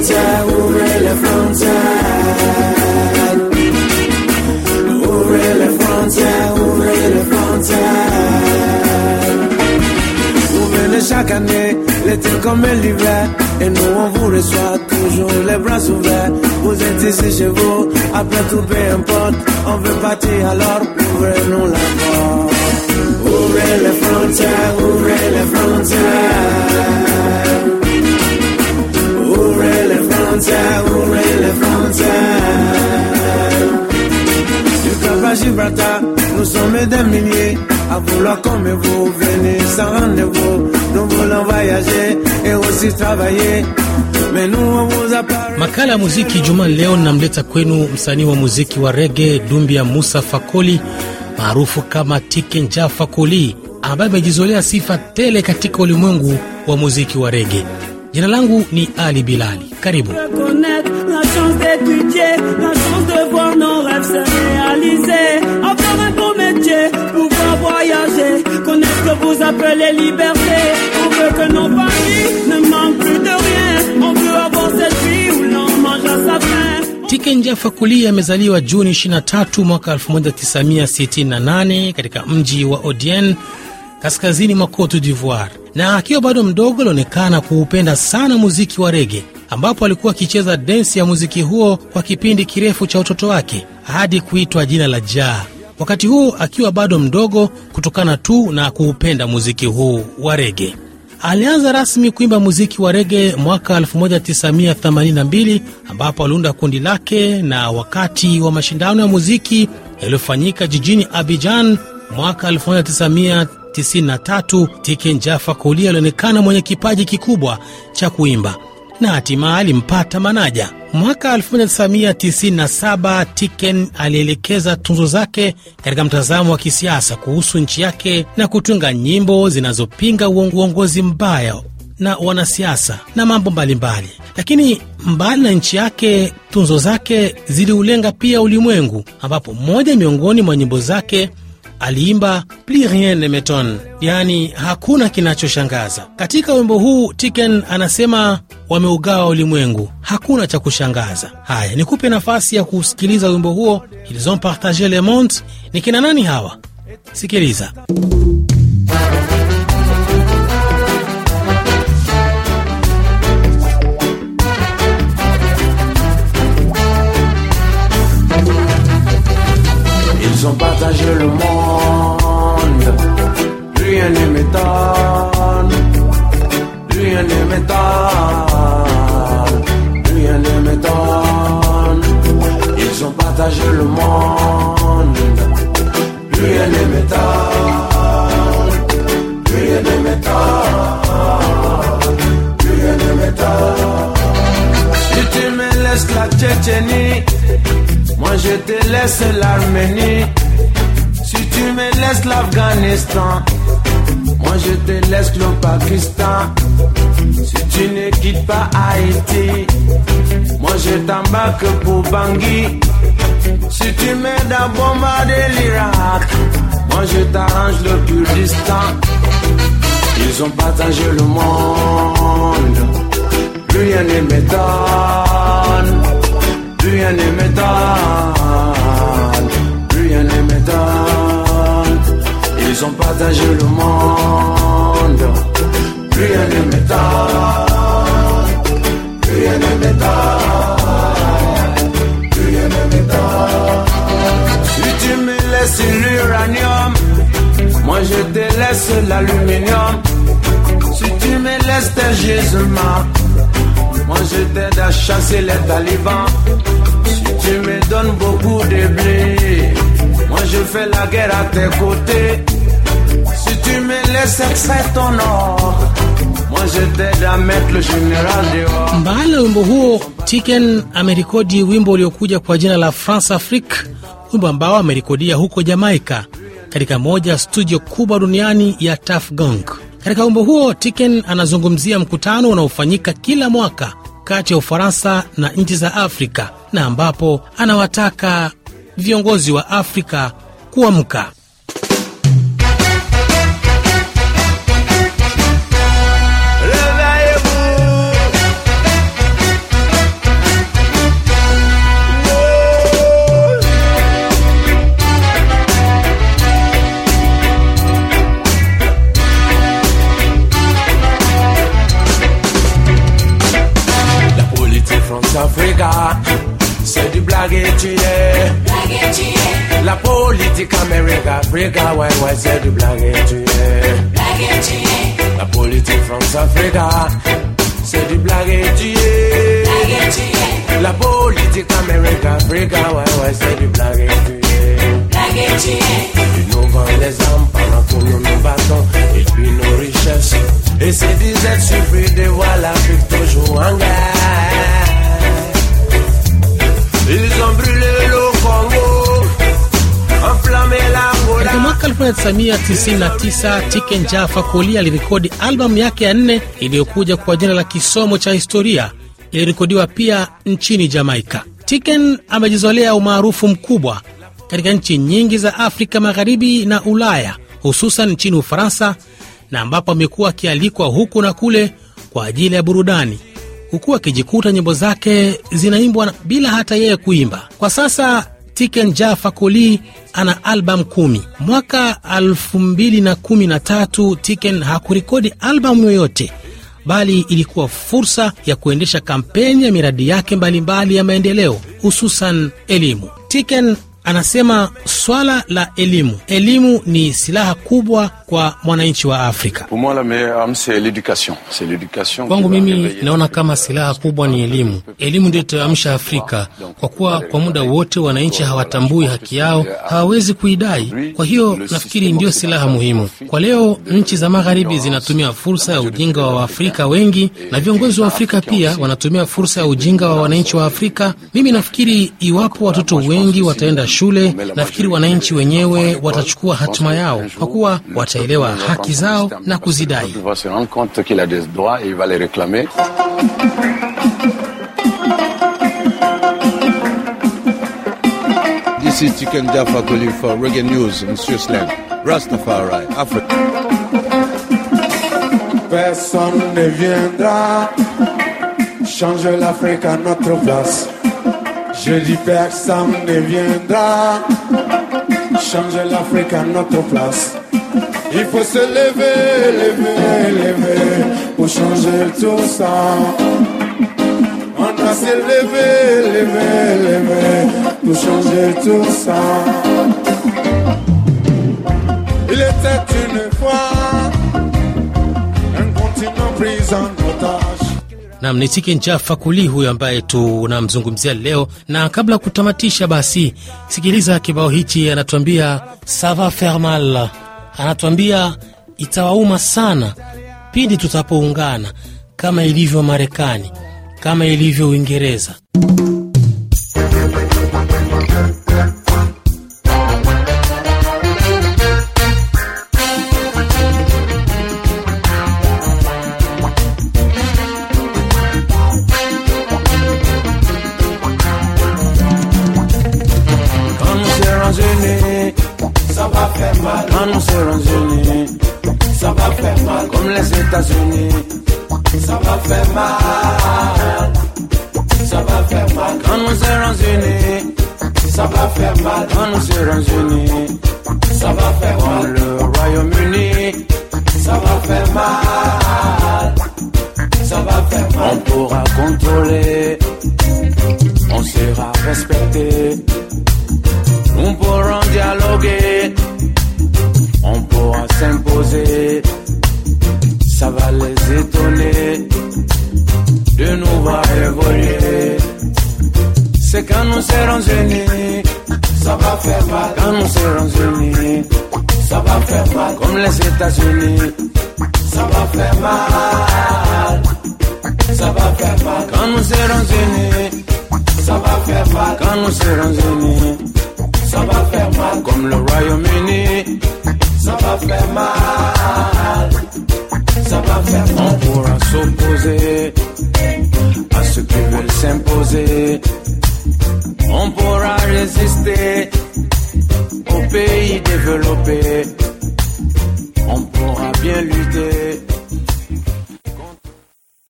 ouvrez les frontières. Ouvrez les frontières, ouvrez les frontières. Vous venez chaque année, l'été comme l'hiver. Et nous on vous reçoit toujours les bras ouverts. Vous êtes ici chez vous, après tout peu importe. On veut partir alors, ouvrez-nous la porte. Ouvrez les frontières, ouvrez les frontières. ouvrez les frontières. Gibraltar, nous sommes des milliers à vouloir comme vous, venez sans rendez-vous. Nous voulons voyager et aussi travailler. Makala ya muziki juma leo namleta kwenu msanii wa muziki wa rege Dumbia Musa Fakoli maarufu kama Tikenja Fakoli ambaye amejizolea sifa tele katika ulimwengu wa muziki wa rege. Jina langu ni Ali Bilali, karibu Tikenja Fakuli amezaliwa Juni 23 mwaka 1968 katika mji wa Odien kaskazini mwa Cote d'Ivoire, na akiwa bado mdogo alionekana kuupenda sana muziki wa rege, ambapo alikuwa akicheza densi ya muziki huo kwa kipindi kirefu cha utoto wake hadi kuitwa jina la Jaa, wakati huu akiwa bado mdogo, kutokana tu na kuupenda muziki huu wa rege. Alianza rasmi kuimba muziki wa rege mwaka 1982 ambapo aliunda kundi lake, na wakati wa mashindano ya muziki yaliyofanyika jijini Abidjan mwaka 19 93 Tiken Jaffa Kuli alionekana mwenye kipaji kikubwa cha kuimba na hatimaye alimpata manaja. Mwaka 1997 Tiken alielekeza tunzo zake katika mtazamo wa kisiasa kuhusu nchi yake na kutunga nyimbo zinazopinga uongozi mbaya na wanasiasa na mambo mbalimbali mbali. Lakini mbali na nchi yake, tunzo zake ziliulenga pia ulimwengu, ambapo moja miongoni mwa nyimbo zake aliimba Plus rien ne m'etonne, yani hakuna kinachoshangaza. Katika wimbo huu Tiken anasema wameugawa ulimwengu, hakuna cha kushangaza. Haya, nikupe nafasi ya kusikiliza wimbo huo. Ils ont partage le monde ni kina nani hawa? Sikiliza. Ils ont partagé le monde. Rien ne m'étonne. Rien ne m'étonne. Rien ne m'étonne. Ils ont partagé le monde. je te laisse l'Arménie. Si tu me laisses l'Afghanistan, moi je te laisse le Pakistan. Si tu ne quittes pas Haïti, moi je t'embarque pour Bangui. Si tu m'aides à bombarder l'Irak, moi je t'arrange le Kurdistan. Ils ont partagé le monde, plus rien ne m'étonne, plus rien ne m'étonne. Ils ont partagé le monde. Plus rien ne Plus rien ne Plus rien ne m'étonne. Si tu me laisses l'uranium. Moi, je te laisse l'aluminium. Si tu me laisses tes gisements, moi je t'aide à chasser les talibans. Si tu me donnes beaucoup de blé, moi je fais la guerre à tes côtés. Si tu me laisses extraire ton or, moi je t'aide à mettre le général dehors. Mbali na wimbo huo, Tiken amerekodi wimbo uliokuja kwa jina la France Afrique, wimbo ambao amerekodia huko Jamaica katika moja studio kubwa duniani ya Taf Gong. Katika wimbo huo Tiken anazungumzia mkutano unaofanyika kila mwaka kati ya Ufaransa na nchi za Afrika na ambapo anawataka viongozi wa Afrika kuamka. C'est du blague et tu es. La politique américaine, Africa, ouais, ouais, c'est du blague et tu es. La politique France-Africa, c'est du blague et tu es. La politique américaine, Africa, ouais, ouais, c'est du blague et tu es. 1999 Tiken Jah Fakoly alirekodi albamu yake ya nne iliyokuja kwa jina la Kisomo cha Historia. Ilirekodiwa pia nchini Jamaika. Tiken amejizolea umaarufu mkubwa katika nchi nyingi za Afrika Magharibi na Ulaya, hususan nchini Ufaransa, na ambapo amekuwa akialikwa huku na kule kwa ajili ya burudani huku akijikuta nyimbo zake zinaimbwa bila hata yeye kuimba. Kwa sasa Tiken Jah Fakoly ana albamu kumi. Mwaka 2013 Tiken hakurekodi albamu yoyote, bali ilikuwa fursa ya kuendesha kampeni ya miradi yake mbalimbali mbali ya maendeleo, hususan elimu. Tiken anasema swala la elimu, elimu ni silaha kubwa kwa mwananchi wa Afrika. Kwangu mimi naona kama silaha kubwa ni elimu. Elimu ndio itayoamsha Afrika, kwa kuwa kwa muda wote wananchi hawatambui haki yao, hawawezi kuidai. Kwa hiyo nafikiri ndiyo silaha muhimu kwa leo. Nchi za Magharibi zinatumia fursa ya ujinga wa Waafrika wengi, na viongozi wa Afrika pia wanatumia fursa ya ujinga wa wananchi wa Afrika. Mimi nafikiri iwapo watoto wengi wataenda shule, nafikiri wananchi wenyewe watachukua hatima yao, kwa kuwa wataelewa haki zao na kuzidai. Personne ne viendra changer l'Afrique à notre place. Je dis personne ne viendra changer l'Afrique à notre place. Il faut se lever, lever, lever pour changer tout ça. On doit se lever, lever, lever pour changer tout ça. Il était une fois un continent pris en Nam ni Tike Njafa Kuli huyo ambaye tunamzungumzia leo, na kabla ya kutamatisha, basi sikiliza kibao hichi. Anatuambia sava fermal, anatuambia itawauma sana pindi tutapoungana, kama ilivyo Marekani, kama ilivyo Uingereza. faire mal, ça va faire mal. Quand nous serons unis, ça va faire mal. Quand nous serons unis, ça va faire mal. le Royaume-Uni, ça va faire mal. Ça va faire mal. On pourra contrôler, on sera respecté. On pourra dialoguer, on pourra s'imposer. Ça va les étonner. quand nous serons unis, ça va faire mal. Quand nous serons unis, ça va faire mal. Comme les États-Unis, ça va faire mal. Ça va faire mal. Quand nous serons unis, ça va faire mal. Quand nous serons unis, ça va faire mal. Comme le Royaume-Uni, ça va faire mal.